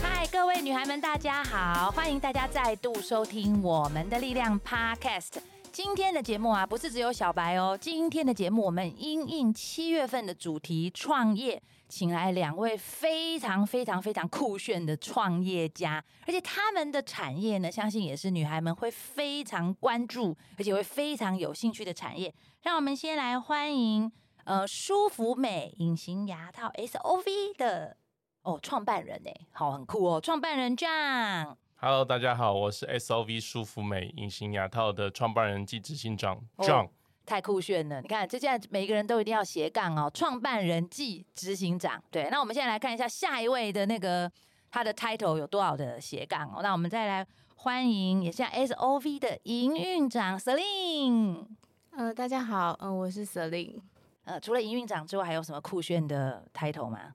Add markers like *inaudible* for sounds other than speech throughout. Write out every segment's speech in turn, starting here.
嗨，各位女孩們，大家好！歡迎大家再度收聽我們的力量 Podcast。今天的節目啊，不是只有小白哦。今天的節目，我們因應七月份的主題——創業。請來兩位非常非常非常酷炫的創業家，而且他們的產業呢，相信也是女孩們會非常關注，而且會非常有興趣的產業。讓我們先來歡迎呃舒服美隱形牙套 S O V 的哦創辦人哎，好，很酷哦，創辦人 John。Hello，大家好，我是 S O V 舒服美隱形牙套的創辦人暨執行長 John。記太酷炫了！你看，這現在每一個人都一定要斜槓哦，創辦人暨執行長。對，那我們現在來看一下下一位的那個他的 title 有多少的斜槓哦。那我們再來歡迎，也是 S O V 的營運長 Celine。呃，大家好，嗯、呃，我是 Celine。呃，除了營運長之外，還有什麼酷炫的 title 嗎？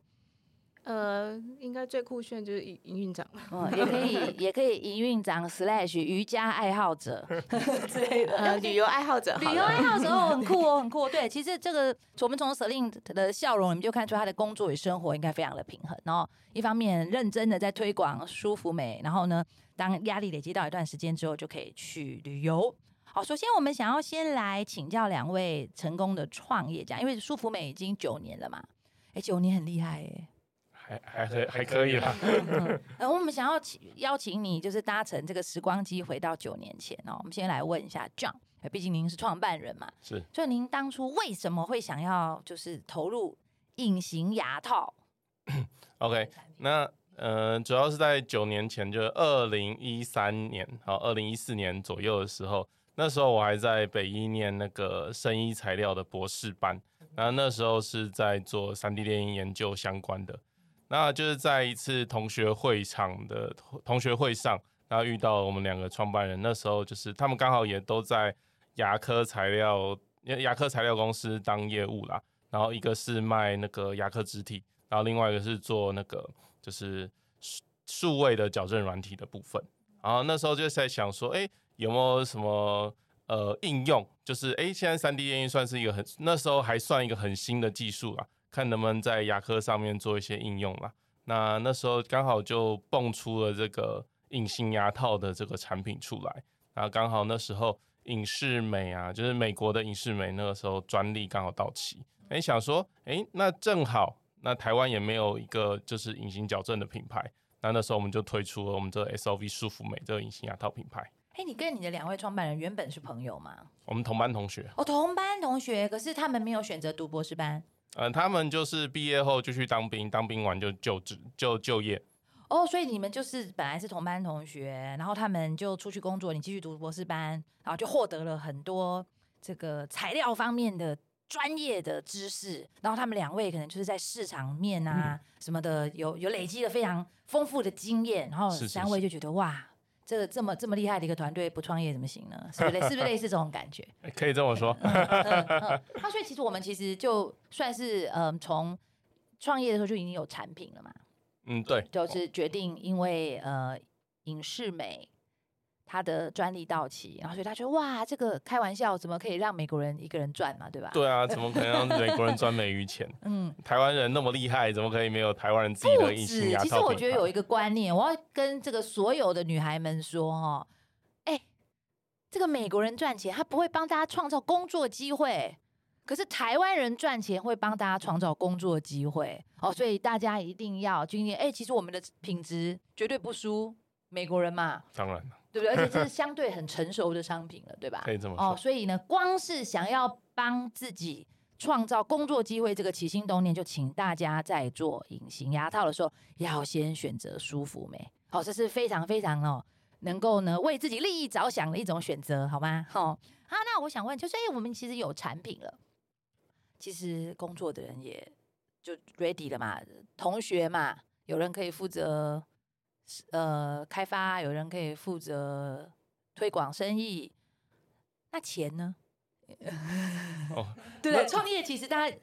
呃，應該最酷炫就是營運長，嗯，也可以也可以營運長 Slash 瑜伽愛好者之類的，呃，旅遊愛好者好、呃，旅遊愛好者哦，很酷哦，很酷，哦。對， *laughs* 對，其實這個我們從，從 Selin 的笑容，我們就看出他的工作與生活應該非常的平衡。然後一方面認真的在推廣舒服美，然後呢，當壓力累積到一段時間之後，就可以去旅遊。好、哦，首先我們想要先來請教兩位成功的創業家，因為舒服美已經九年了嘛，哎，九年很厲害哎。還還還可以了。還可以嗯嗯嗯嗯、 *laughs* 呃，我們想要請邀請你，就是搭乘這個時光機回到九年前哦。我們先來問一下 John 畢竟您是創辦人嘛。是，就您當初為什麼會想要就是投入隱形牙套 *coughs* ？OK，那呃，主要是在九年前，就是二零一三年哦，二零一四年左右的時候，那時候我還在北醫念那個生醫材料的博士班、嗯，然後那時候是在做三 D 列印研究相關的。那就是在一次同學會場的同學會上，然後遇到我們兩個創辦人。那時候就是他們剛好也都在牙科材料，牙科材料公司當業務啦。然後一個是賣那個牙科植體，然後另外一個是做那個就是數數位的矯正軟體的部分。然後那時候就在想說，哎、欸，有沒有什麼呃應用？就是哎、欸，現在三 D 建模算是一個很那時候還算一個很新的技術啦。看能不能在牙科上面做一些應用啦。那那時候剛好就蹦出了這個隱形牙套的這個產品出來。然後剛好那時候隱適美啊，就是美國的隱適美，那個時候專利剛好到期。誒、欸，想說，哎、欸，那正好，那台灣也沒有一個就是隱形矯正的品牌。那那時候我們就推出了我們這 S O V 舒服美這個隱形牙套品牌。哎，你跟你的兩位創辦人原本是朋友嗎？我們同班同學。哦，同班同學，可是他們沒有選擇讀博士班。嗯，他們就是畢業後就去當兵，當兵完就就就就，就業。哦，所以你們就是本來是同班同學，然後他們就出去工作，你繼續讀博士班，然後就獲得了很多這個材料方面的專業的知識。然後他們兩位可能就是在市場面啊、嗯、什麼的有有累積了非常豐富的經驗，然後三位就覺得是是是哇。這這麼這麼厲害的一個團隊，不創業怎麼行呢？是不 *laughs* 是？類似這種感覺？可以這麼說、 *laughs* *laughs* 啊。那所以其實我們其實就算是嗯、呃，從創業的時候就已經有產品了嘛。嗯，對，就是決定，因為、哦、呃，舒服美。他的專利到期，然後所以他覺得：“哇，這個開玩笑，怎麼可以讓美國人一個人賺嘛、啊？對吧？”“對啊，怎麼可能讓美國人賺美余錢？ *laughs* 嗯，台灣人那麼厲害，怎麼可以沒有台灣人自己的隱形牙套品牌？其實我覺得有一個觀念，我要跟這個所有的女孩們說哦，哎、欸，這個美國人賺錢，他不會幫大家創造工作機會；可是台灣人賺錢，會幫大家創造工作機會哦、喔。所以大家一定要經驗。哎、欸，其實我們的品質絕對不輸美國人嘛。”當然對不對？而且這是相對很成熟的商品了，對吧？可以這麼說。哦，所以呢，光是想要幫自己創造工作機會，這個起心動念，就請大家在做隱形牙套的時候，要先選擇舒服美。好、哦，這是非常非常哦，能夠呢為自己利益着想的一種選擇，好嗎？好、哦啊，那我想問，就是哎、欸，我們其實有產品了，其實工作的人也就 ready 了嘛？同學嘛，有人可以負責。呃，開發有人可以負責。推廣生意，那錢呢？哦， *laughs* 對，創業其實大家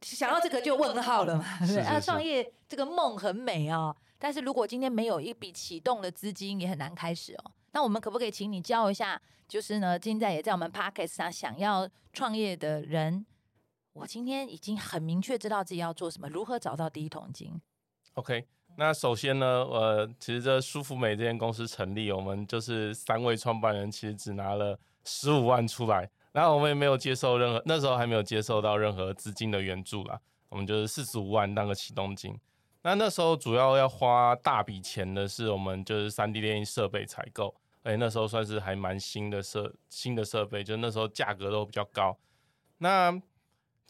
想要這個就問號了嘛。是、是、是，對啊，創業這個夢很美哦。但是如果今天沒有一筆啟動的資金，也很難開始哦。那我們可不可以請你教一下？就是呢，現在也在我們 Podcast 上想要創業的人，我今天已經很明確知道自己要做什麼，如何找到第一桶金？OK。那首先呢，我、呃、其實這舒服美這間公司成立，我們就是三位創辦人，其實只拿了十五萬出來，然後我們也沒有接受任何，那時候還沒有接受到任何資金的援助啦，我們就是四十五萬當個啟動金。那那時候主要要花大筆錢的是我們就是三 D 列印設備採購，哎，那時候算是還蠻新的設新的設備，就那時候價格都比較高。那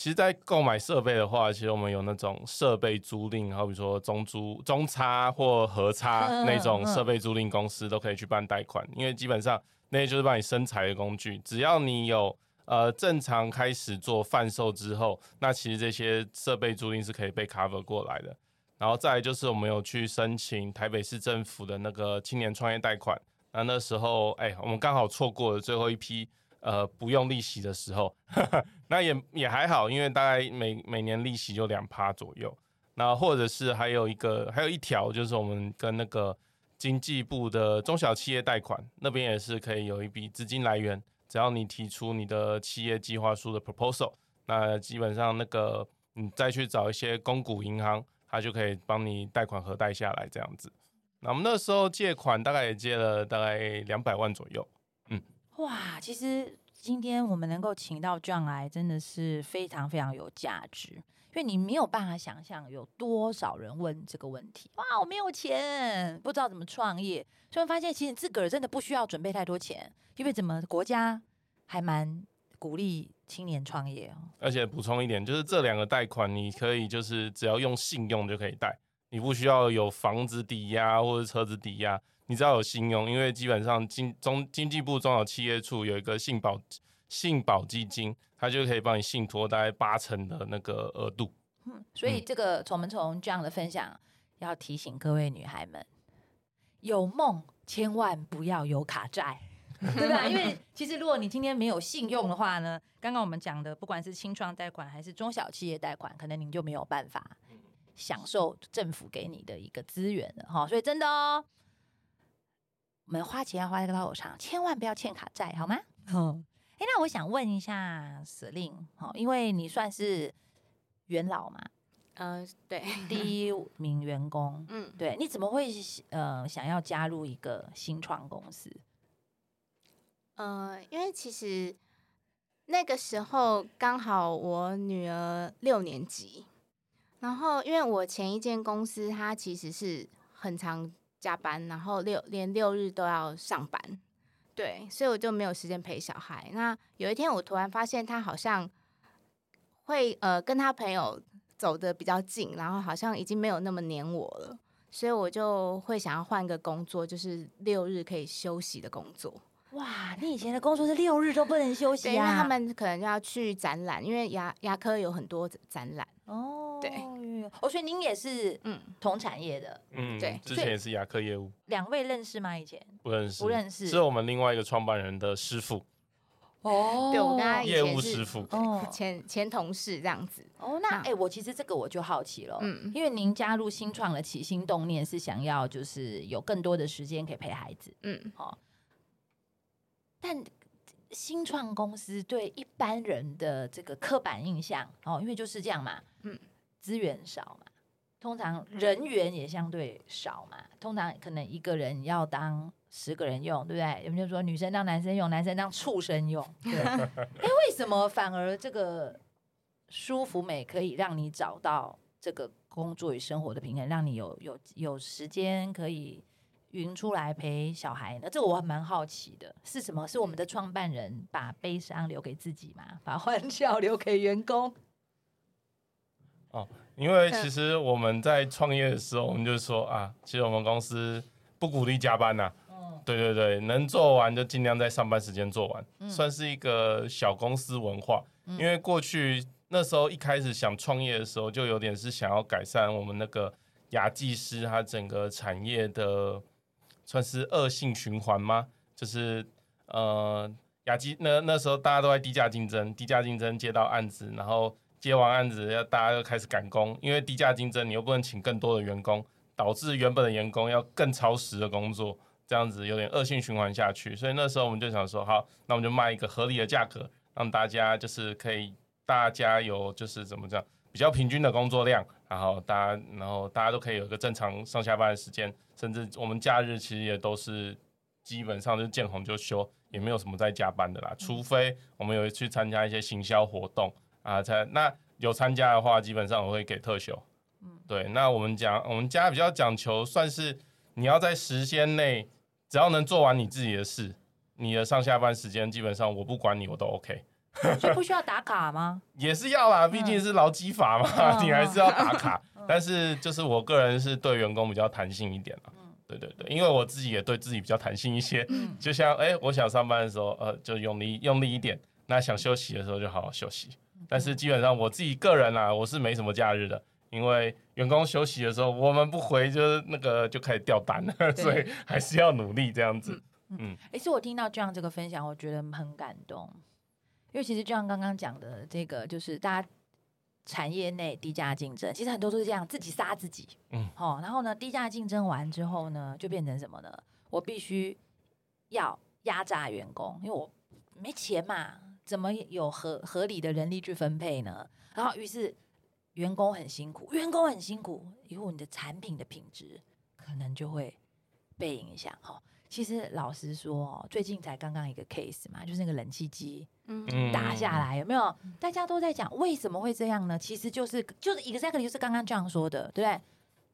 其實，在購買設備的話，其實我們有那種設備租賃，好比說中租、中差或合差那種設備租賃公司都可以去辦貸款，嗯嗯、因為基本上那些就是幫你生財的工具。只要你有呃正常開始做販售之後，那其實這些設備租賃是可以被 cover 過來的。然後再來就是我們有去申請台北市政府的那個青年創業貸款，那那時候哎，我們剛好錯過了最後一批。呃，不用利息的時候， *laughs* 那也也還好，因為大概每每年利息就兩趴左右。那或者是還有一個還有一條，就是我們跟那個經濟部的中小企業貸款那邊也是可以有一筆資金來源，只要你提出你的企業計劃書的 proposal，那基本上那個你再去找一些公股銀行，他就可以幫你貸款核貸下來這樣子。那我們那時候借款大概也借了大概兩百萬左右。哇，其實今天我們能夠請到 John 來，真的是非常非常有價值，因為你沒有辦法想象有多少人問這個問題。哇，我沒有錢，不知道怎麼創業，突然發現其實自個兒真的不需要準備太多錢，因為怎麼國家還蠻鼓勵青年創業哦。而且補充一點，就是這兩個貸款，你可以就是只要用信用就可以貸，你不需要有房子抵押或者車子抵押。你知道有信用，因為基本上經中經濟部中小企業處有一個信保信保基金，它就可以幫你信託大概八成的那個額度。嗯，所以這個我們從這樣的分享要提醒各位女孩們，有夢千萬不要有卡債， *laughs* 對吧？因為其實如果你今天沒有信用的話呢，剛剛我們講的不管是青創貸款還是中小企業貸款，可能你就沒有辦法享受政府給你的一個資源了哈。所以真的哦。我們花錢要花在刀口上，千萬不要欠卡債，好嗎？好、嗯。哎、欸，那我想問一下司令，哈，因為你算是元老嘛，嗯、呃，對，第一名員工，嗯，對，你怎麼會呃想要加入一個新創公司？嗯、呃，因為其實那個時候剛好我女兒六年級，然後因為我前一間公司它其實是很長。加班，然後六連六日都要上班，對，所以我就沒有時間陪小孩。那有一天我突然發現他好像會呃跟他朋友走得比較近，然後好像已經沒有那麼黏我了，所以我就會想要換個工作，就是六日可以休息的工作。哇，你以前的工作是六日都不能休息呀、啊？ *laughs* 他們可能就要去展覽，因為牙牙科有很多展覽哦。對，我、哦、所以您也是嗯同產業的，嗯，對，之前也是牙科業務，兩位認識嗎？以前不認識，不認識，是我們另外一個創辦人的師傅，哦，對我跟他業務師傅，前前同事這樣子，哦，那哎、嗯欸，我其實這個我就好奇了，嗯，因為您加入新創的起心動念是想要就是有更多的時間可以陪孩子，嗯，好、哦，但新創公司對一般人的這個刻板印象，哦，因為就是這樣嘛，嗯。資源少嘛，通常人員也相對少嘛，通常可能一個人要當十個人用，對不對？有沒有說女生當男生用，男生當畜生用，對。哎、 *laughs* 欸，為什麼反而這個舒服美可以讓你找到這個工作與生活的平衡，讓你有有有時間可以勻出來陪小孩呢？這我還蠻好奇的，是什麼？是我們的創辦人把悲傷留給自己嘛，把歡笑留給員工？哦，因為其實我們在創業的時候， *laughs* 我們就說啊，其實我們公司不鼓勵加班吶、啊哦。對對對，能做完就儘量在上班時間做完，嗯，算是一個小公司文化。嗯，因為過去那時候一開始想創業的時候，就有點是想要改善我們那個牙技師他整個產業的算是惡性循環嗎？就是呃，牙技那那時候大家都在低價競爭，低價競爭接到案子，然後。接完案子，要大家又開始趕工，因為低價競爭，你又不能請更多的員工，導致原本的員工要更超時的工作，這樣子有點惡性循環下去。所以那時候我們就想說，好，那我們就賣一個合理的價格，讓大家就是可以，大家有就是怎麼講，比較平均的工作量，然後大家，然後大家都可以有個正常上下班的時間，甚至我們假日其實也都是基本上就是見紅就休，也沒有什麼在加班的啦，除非我們有去參加一些行銷活動。啊，才那有參加的話，基本上我會給特休。嗯，對。那我們講，我們家比較講求，算是你要在時間內，只要能做完你自己的事，你的上下班時間基本上我不管你，我都 OK。就不需要打卡嗎？ *laughs* 也是要啦，畢竟是勞基法嘛、嗯，你還是要打卡、嗯。但是就是我個人是對員工比較彈性一點啦。嗯，對對對，因為我自己也對自己比較彈性一些。嗯、就像誒、欸，我想上班的時候，呃，就用力用力一點；那想休息的時候，就好好休息。但是基本上我自己個人啊，我是沒什麼假日的，因為員工休息的時候我們不回就，就是那個就開始掉單了， *laughs* 所以還是要努力這樣子。嗯，哎、嗯，是、欸、我聽到這樣這個分享，我覺得很感動，因為其實就像剛剛講的這個，就是大家產業內低價競爭，其實很多都是這樣自己殺自己。嗯，好、哦，然後呢，低價競爭完之後呢，就變成什麼呢？我必須要壓榨員工，因為我沒錢嘛。怎麼有合合理的人力去分配呢？然後於是員工很辛苦，員工很辛苦，以後你的產品的品質可能就會被影響哈。其實老實說，最近才剛剛一個 case 嘛，就是那個冷氣機嗯，打下來有沒有？大家都在講為什麼會這樣呢？其實就是就是 exactly 就是剛剛這樣說的，對不對？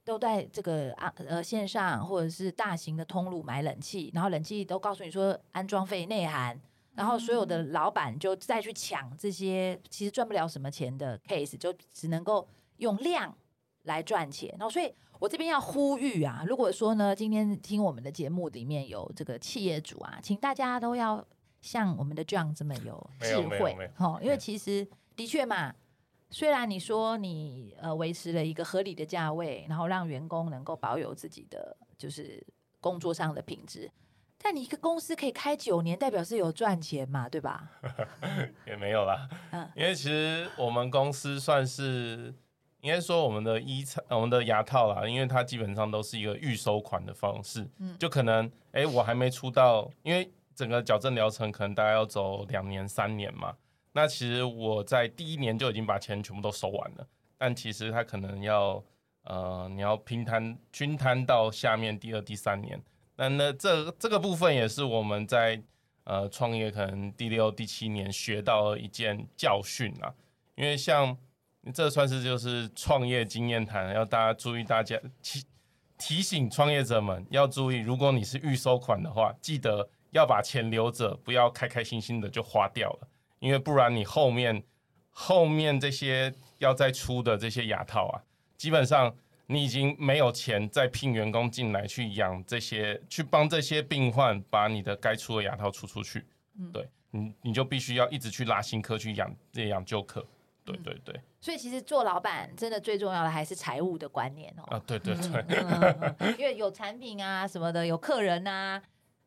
都在這個啊呃線上或者是大型的通路買冷氣，然後冷氣都告訴你說安裝費內含。然後所有的老闆就再去搶這些其實賺不了什麼錢的 case，就只能夠用量來賺錢。然後所以我這邊要呼籲啊，如果說呢今天聽我們的節目裡面有這個企業主啊，請大家都要像我們的 John 這麼有智慧，哦，因為其實的確嘛，雖然你說你呃維持了一個合理的價位，然後讓員工能夠保有自己的就是工作上的品質。但你一個公司可以開九年，代表是有賺錢嘛，對吧？也沒有啦，嗯，因為其實我們公司算是應該說我們的醫我們的牙套啦，因為它基本上都是一個預收款的方式，嗯，就可能哎、欸、我還沒出到，因為整個矯正療程可能大概要走兩年三年嘛，那其實我在第一年就已經把錢全部都收完了，但其實它可能要呃你要平攤均攤到下面第二第三年。那那這這個部分也是我們在呃創業可能第六第七年學到的一件教訓啊，因為像這算是就是創業經驗談，要大家注意，大家提提醒創業者們要注意，如果你是預收款的話，記得要把錢留着，不要開開心心的就花掉了，因為不然你後面後面這些要再出的這些牙套啊，基本上。你已經沒有錢再聘員工進來去養這些，去幫這些病患把你的該出的牙套出出去。嗯，對，你你就必須要一直去拉新客去養這養舊客。嗯。對對對。所以其實做老板真的最重要的還是財務的觀念哦。啊，對對對，嗯 *laughs* 嗯嗯。因為有產品啊什麼的，有客人啊。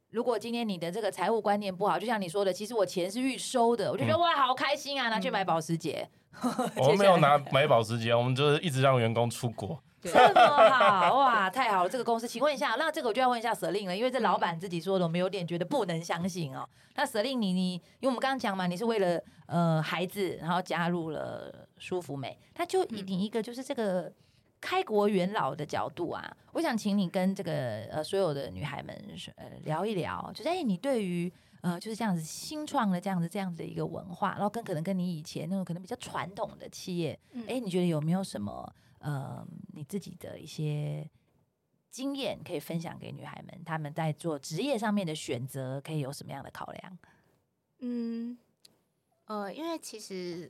如果今天你的這個財務觀念不好，就像你說的，其實我錢是預收的，我就覺得，嗯、哇好開心啊，拿去買保時捷。嗯， *laughs* 我沒有拿買保時捷，我們就是一直讓員工出國。這麼好哇，太好了！這個公司，請問一下，那這個我就要問一下 Celine 了，因為這老闆自己說的，我們有點覺得不能相信哦。嗯、那 Celine，你你，因為我們剛剛講嘛，你是為了呃孩子，然後加入了舒服美，那就以你一個就是這個開國元老的角度啊，嗯、我想請你跟這個呃所有的女孩們呃聊一聊，就是哎、欸，你對於呃就是這樣子新創的這樣子這樣子的一個文化，然後跟可能跟你以前那種可能比較傳統的企業，哎、欸，你覺得有沒有什麼？呃，你自己的一些經驗可以分享給女孩們，她們在做職業上面的選擇可以有什麼樣的考量？嗯，呃，因為其實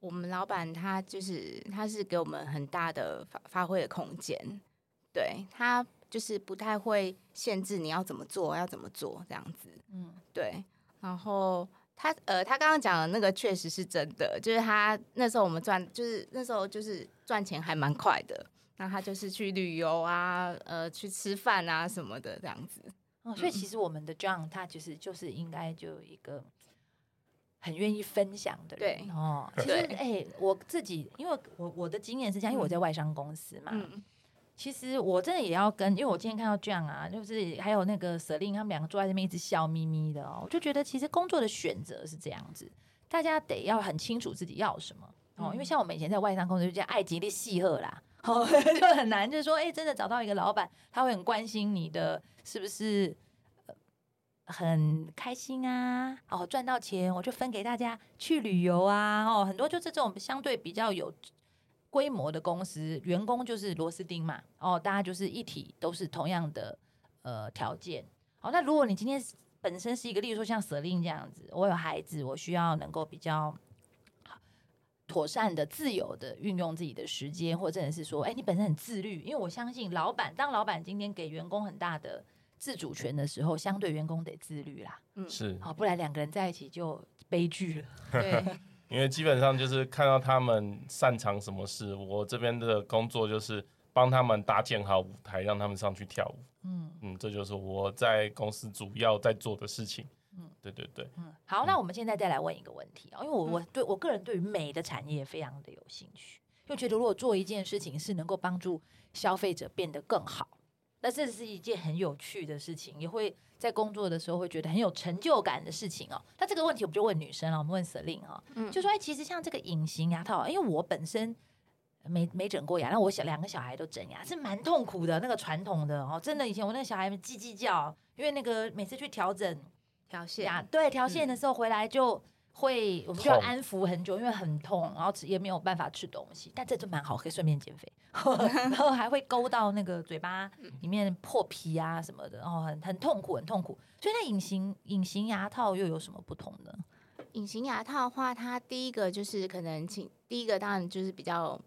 我們老闆他就是他是給我們很大的發發揮的空間，對，他就是不太會限制你要怎麼做，要怎麼做這樣子，嗯，對，然後。他呃，他剛剛講的那個確實是真的，就是他那時候我們賺，就是那時候就是賺錢還蠻快的。那他就是去旅遊啊，呃，去吃飯啊什麼的這樣子，哦。所以其實我們的 John、嗯、他其、就、實、是、就是應該就一個很願意分享的人。對哦，其實哎、欸，我自己因為我我的經驗是這樣，嗯，因為我在外商公司嘛。嗯其實我真的也要跟，因為我今天看到這樣啊，就是還有那個舍令他們兩個坐在那邊一直笑眯眯的哦，我就覺得其實工作的選擇是這樣子，大家得要很清楚自己要什麼哦，嗯、因為像我們以前在外商公司就叫、嗯、愛迪的系合啦，哦、 *laughs* 就很難，就是說哎、欸、真的找到一個老闆，他會很關心你的是不是？呃、很開心啊，哦，賺到錢我就分給大家去旅遊啊，哦，很多就是這種相對比較有。規模的公司，員工就是螺絲釘嘛，哦，大家就是一體，都是同樣的呃條件。哦，那如果你今天本身是一個，例如說像捨令這樣子，我有孩子，我需要能夠比較妥善的、自由的運用自己的時間，或者真的是說，哎、欸，你本身很自律，因為我相信老闆當老闆今天給員工很大的自主權的時候，相對員工得自律啦，嗯，是，好、哦，不然兩個人在一起就悲劇了， *laughs* 對。因為基本上就是看到他們擅長什麼事，我這邊的工作就是幫他們搭建好舞台，讓他們上去跳舞。嗯嗯，這就是我在公司主要在做的事情。嗯，對對對。嗯，好，那我們現在再來問一個問題啊，哦，嗯，因為我我對我個人對於美的產業非常的有興趣，就覺得如果做一件事情是能夠幫助消費者變得更好，那這是一件很有趣的事情，也會。在工作的時候會覺得很有成就感的事情哦。那這個問題我們就問女生了，我們問 Selin 啊，就說哎，其實像這個隱形牙套，因為我本身沒沒整過牙，那我小兩個小孩都整牙是蠻痛苦的。那個傳統的哦，真的以前我那個小孩們嘰嘰叫，因為那個每次去調整調線，對調線的時候回來就。會，我們就要安撫很久，因為很痛，然後也沒有辦法吃東西。但這就蠻好，可以順便減肥，然後還會勾到那個嘴巴裡面破皮啊什麼的，然後很很痛苦，很痛苦。所以，那隱形隱形牙套又有什麼不同呢？隱形牙套的話，它第一個就是可能清，第一個當然就是比較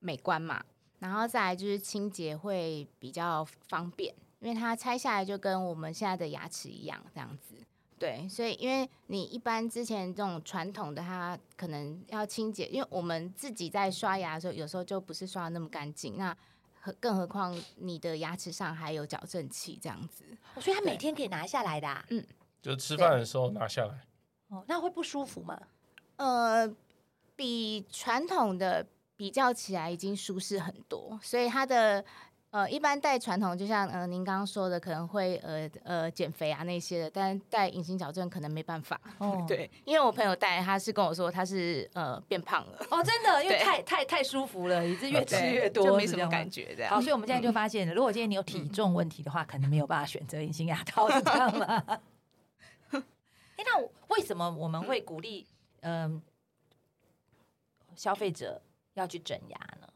美觀嘛，然後再來就是清潔會比較方便，因為它拆下來就跟我們現在的牙齒一樣這樣子。對，所以因為你一般之前這種傳統的，它可能要清潔，因為我們自己在刷牙的時候，有時候就不是刷得那麼乾淨。那何更何況你的牙齒上還有矯正器這樣子，哦，所以它每天可以拿下來的啊？嗯，就吃飯的時候拿下來。哦，那會不舒服嗎？呃，比傳統的比較起來已經舒適很多，所以它的。呃，一般戴傳統就像呃，您剛剛說的，可能會呃呃減肥啊那些的，但是戴隱形矯正可能沒辦法，哦、對，因為我朋友戴，他是跟我說他是呃變胖了，哦，真的，因為太太太舒服了，也是越吃越多，沒什麼感覺的。好，所以我們現在就發現了，嗯、如果今天你有體重問題的話，嗯、可能沒有辦法選擇隱形牙套，你知道嗎？哎、 *laughs* 欸，那為什麼我們會鼓勵嗯、呃、消費者要去整牙呢？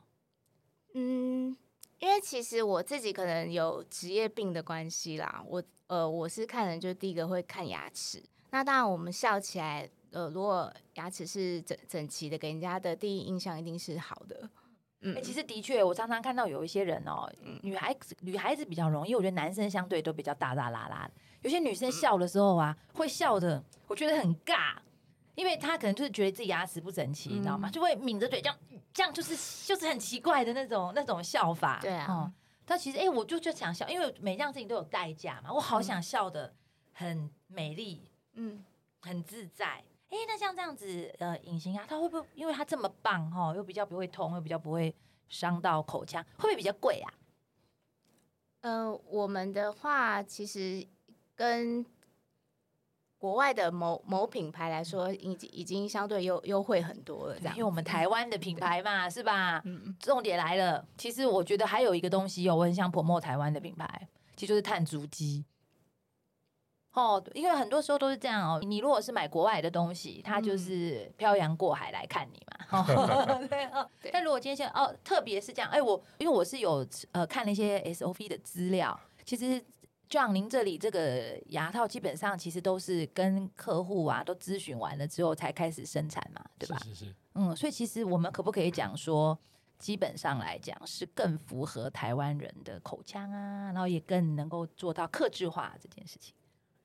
嗯。因為其實我自己可能有職業病的關係啦，我呃我是看人，就第一個會看牙齒。那當然，我們笑起來，呃，如果牙齒是整整齊的，給人家的第一印象一定是好的。嗯、欸，其實的確，我常常看到有一些人哦，嗯、女孩子女孩子，比較容易，我覺得男生相對都比較大大啦啦。有些女生笑的時候啊，嗯、會笑的，我覺得很尬。因為他可能就是覺得自己牙齒不整齊，嗯，你知道嗎？就會抿着嘴這樣，這樣就是就是很奇怪的那種那種笑法。對啊，但、哦、其實哎、欸，我就就想笑，因為每樣事情都有代價嘛。我好想笑得很美麗，嗯，很自在。哎、欸，那像這樣子呃，隱形牙套，啊、它會不會？因為它這麼棒哈，又比較不會痛，又比較不會傷到口腔，會不會比較貴啊？嗯、呃，我們的話其實跟。國外的某某品牌來說，已經已經相對優優惠很多了，這樣。因為我們台灣的品牌嘛，是吧？嗯嗯。重點來了，其實我覺得還有一個東西有、喔、我很想 promote，台灣的品牌，其實就是碳足跡。哦，因為很多時候都是這樣哦、喔，你如果是買國外的東西，它就是漂洋過海來看你嘛。嗯 *laughs* *laughs* 哦、但如果今天哦，特別是這樣，哎、欸，我因為我是有呃看了一些 SOV 的資料，其實。像您這裡這個牙套，基本上其實都是跟客戶啊都諮詢完了之後才開始生產嘛，對吧？是是，是。嗯，所以其實我們可不可以講說，基本上來講是更符合台灣人的口腔啊，然後也更能夠做到客製化這件事情。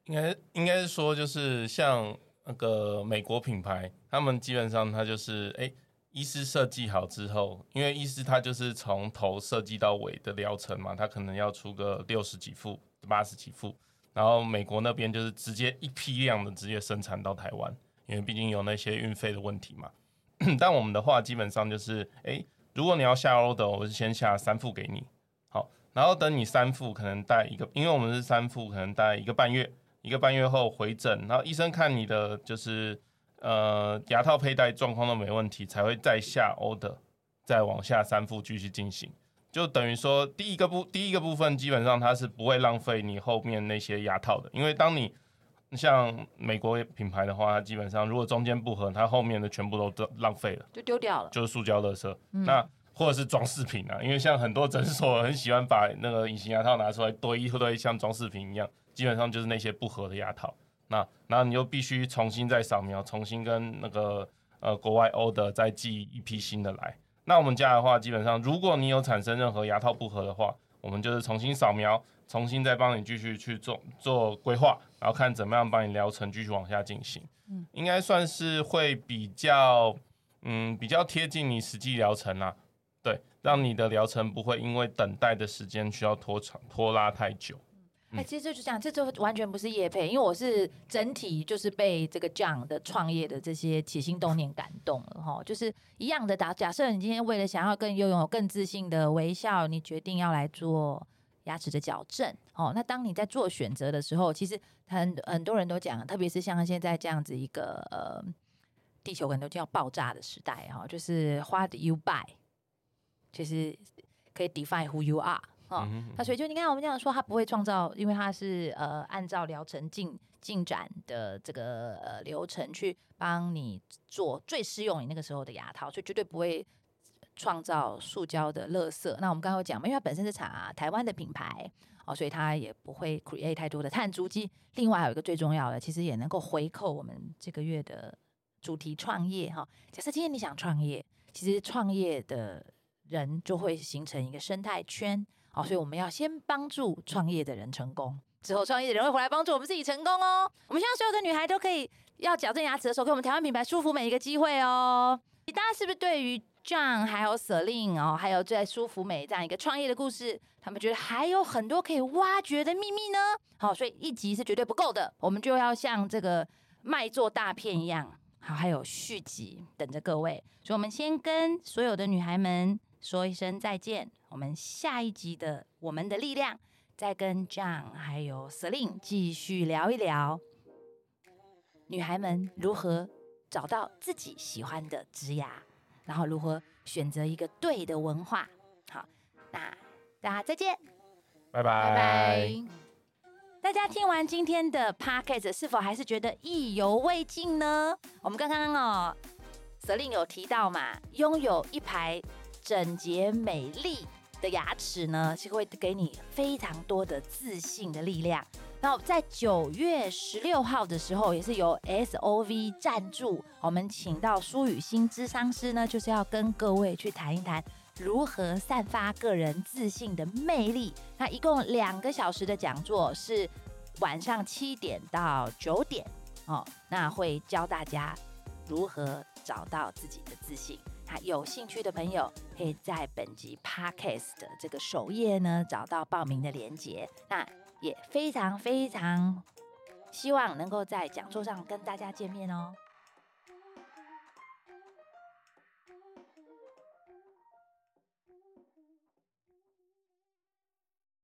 應該應該是說，就是像那個美國品牌，他們基本上他就是，哎、欸，醫師設計好之後，因為醫師他就是從頭設計到尾的療程嘛，他可能要出個六十幾副。八十幾副，然後美國那邊就是直接一批量的直接生產到台灣，因為畢竟有那些運費的問題嘛。 *coughs* 但我們的話基本上就是，誒、欸，如果你要下 order，我就先下三副給你，好，然後等你三副可能戴一個，因為我們是三副可能戴一個半月，一個半月後回診，然後醫生看你的就是呃牙套佩戴狀況都沒問題，才會再下 order，再往下三副繼續進行。就等於說，第一個部第一個部分基本上它是不會浪費你後面那些牙套的，因為當你像美國品牌的話，它基本上如果中間不合，它後面的全部都都浪費了，就丟掉了，就是塑膠垃圾。那或者是裝飾品啊，因為像很多診所很喜歡把那個隱形牙套拿出來堆一堆，像裝飾品一樣，基本上就是那些不合的牙套。那然後你又必須重新再掃描，重新跟那個呃國外 order 再寄一批新的來。那我們家的話，基本上，如果你有產生任何牙套不合的話，我們就是重新掃描，重新再幫你繼續去做做規劃，然後看怎麼樣幫你療程繼續往下進行。嗯，應該算是會比較，嗯，比較貼近你實際療程啦，啊。對，讓你的療程不會因為等待的時間需要拖長拖拉太久。哎、欸，其實就這樣，這就完全不是業配，因為我是整體就是被這個樣的創業的這些起心動念感動了吼，就是一樣的打，打假設你今天為了想要更擁有更自信的微笑，你決定要來做牙齒的矯正哦。那當你在做選擇的時候，其實很很多人都講，特別是像現在這樣子一個呃地球可能就要爆炸的時代哈，就是 what you buy，就是可以 define who you are。哦，他所以就你看我們這樣說，他不會創造，因為他是呃按照療程進進展的這個、呃、流程去幫你做最適用你那個時候的牙套，所以絕對不會創造塑膠的垃圾。那我們剛剛講嘛，因為它本身是產台灣的品牌哦，所以它也不會 create 太多的碳足跡。另外還有一個最重要的，其實也能夠回扣我們這個月的主題創業哈、哦。假設今天你想創業，其實創業的人就會形成一個生態圈。好，所以我們要先幫助創業的人成功，之後創業的人會回來幫助我們自己成功哦。我們希望所有的女孩都可以要矯正牙齒的時候，給我們台灣品牌舒服美一個機會哦。大家是不是對於 John 還有 Selin 哦，還有最愛舒服美這樣一個創業的故事，他們覺得還有很多可以挖掘的秘密呢？好，所以一集是絕對不夠的，我們就要像這個賣座大片一樣，好，還有續集等着各位。所以，我們先跟所有的女孩們。說一聲再見，我們下一集的《我們的力量》再跟 John 還有 Celine 繼續聊一聊，女孩們如何找到自己喜歡的職業，然後如何選擇一個對的文化。好，那大家再見，拜拜。拜拜。大家聽完今天的 Podcast 是否還是覺得意猶未盡呢？我們剛剛哦，Celine 有提到嘛，擁有一排。整潔美麗的牙齒呢，是會給你非常多的自信的力量。那我在九月十六號的時候，也是由 S O V 贊助，我們請到蘇予昕諮商師呢，就是要跟各位去談一談如何散發個人自信的魅力。那一共兩個小時的講座是晚上七點到九點哦，那會教大家如何找到自己的自信。有興趣的朋友可以在本集 podcast 的這個首頁呢，找到報名的鏈接，那也非常非常希望能夠在講座上跟大家見面哦。